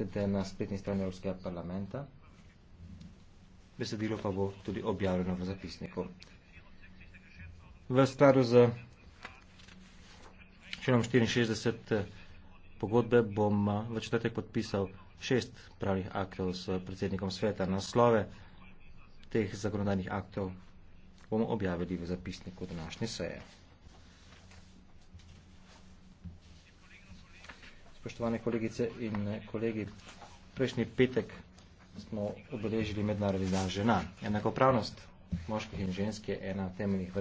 najdete na spletni strani Evropskega parlamenta. Besedilo pa bo tudi objavljeno v zapisniku. V skladu z členom 64 eh, pogodbe bom eh, v četrtek podpisal šest pravnih aktov s predsednikom sveta. Naslove teh zakonodajnih aktov bomo objavili v zapisniku današnje seje. Spoštovane kolegice in eh, kolegi, prejšnji petek smo obeležili mednarodni dan žena. Enakopravnost moških in ženske je ena temeljnih vrednot.